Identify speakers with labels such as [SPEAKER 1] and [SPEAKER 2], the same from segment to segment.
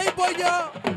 [SPEAKER 1] cey Boy Niang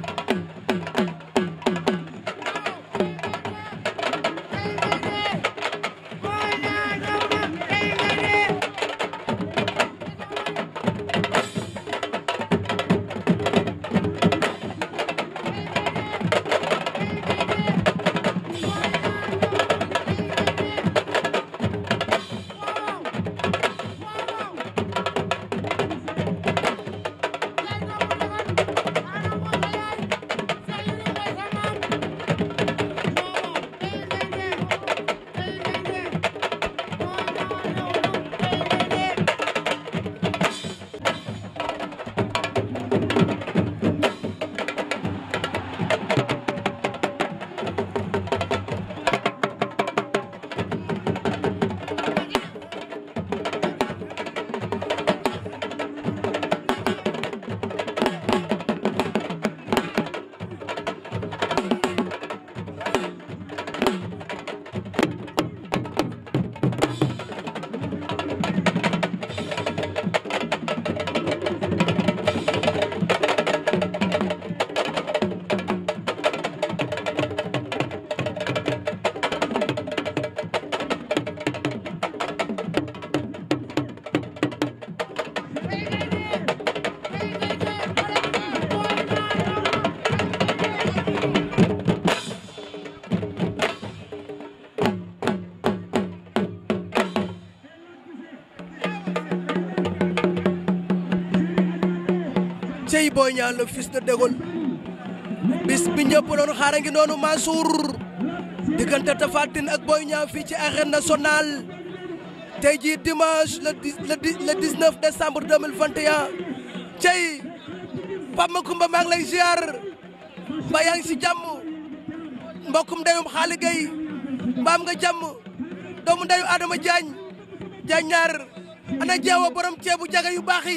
[SPEAKER 1] cey Boy Niang le fils de bis bi ñëpp doon xaar noonu Mansour diggante Tapha ak Boy Niang fii ci arène nationale tey jii dimanche le le 19 décembre 2021 cey Pape Makumba maa ngi lay ziar si jàmm mbokkum ndeyum xaali gay mbaam nga jàmm doomu ndeyu Adama Diagne Diagne ana jeewa borom ceebu jaga yu baax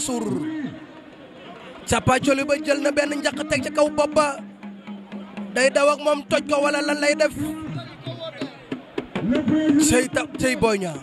[SPEAKER 1] suur càppaacoli ba jël na benn njaq teg ca kaw bopp ba day daw ak moom toj ko wala lay def sey ta sey Boy Niang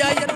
[SPEAKER 1] Njaay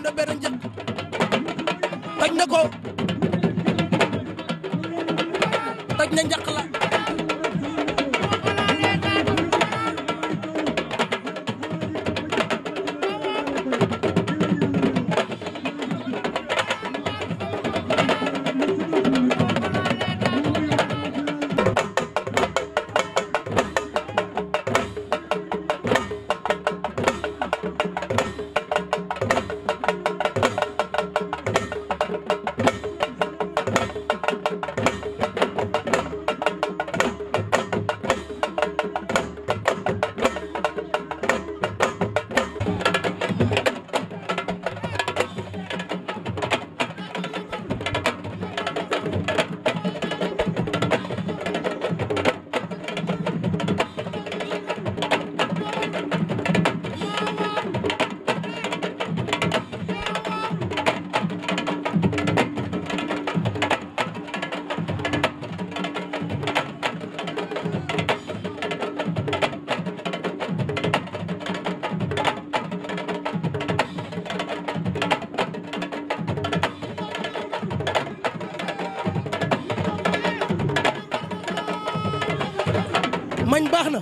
[SPEAKER 1] nañ baax na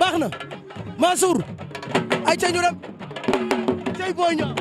[SPEAKER 1] baax na Mansour ay ca ñu dem cey Boy Niang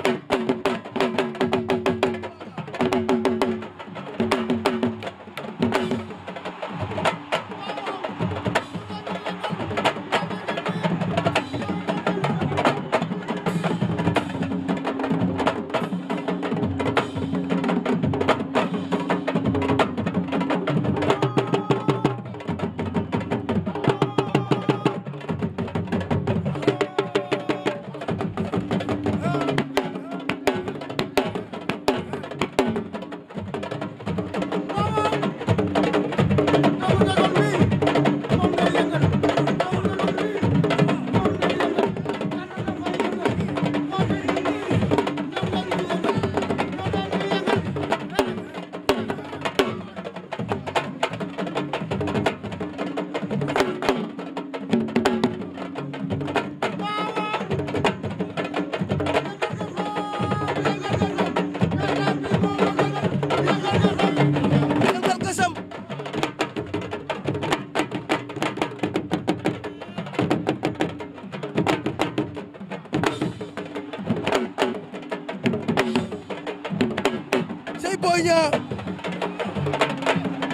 [SPEAKER 1] Boy Niang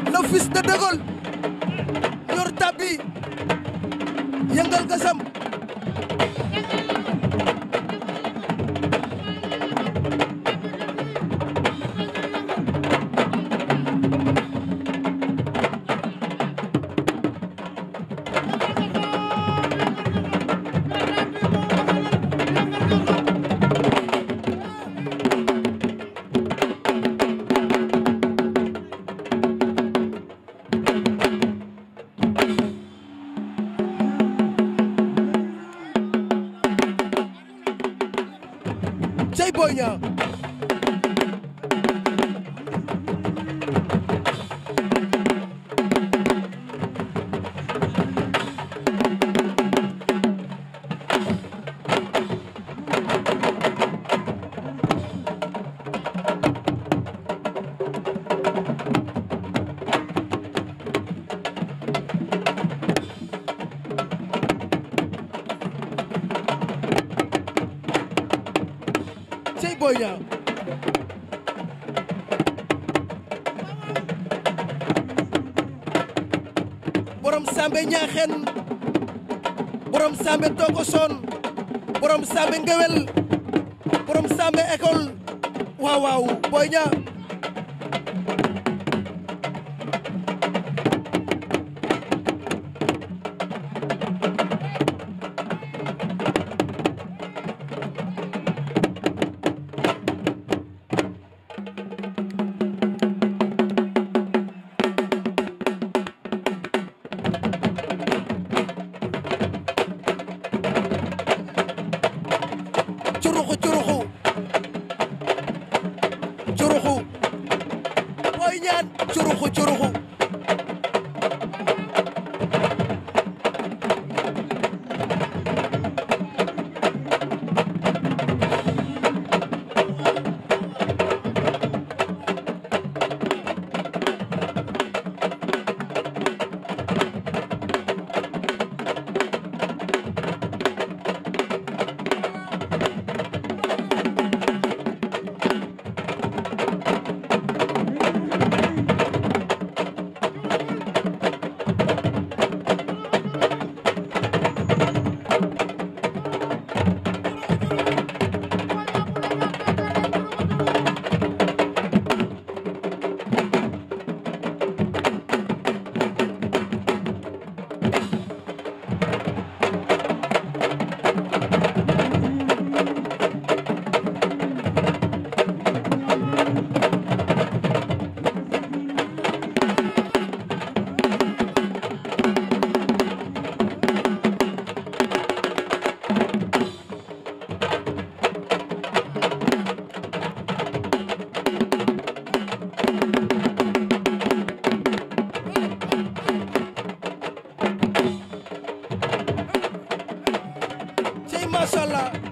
[SPEAKER 1] le fils de De Gaulle yor Kenya. Boy Niang borom sambe ñaaxeen borom sambe togoson borom sambe ngewel borom sambe école waaw waaw Boy Niang macha allah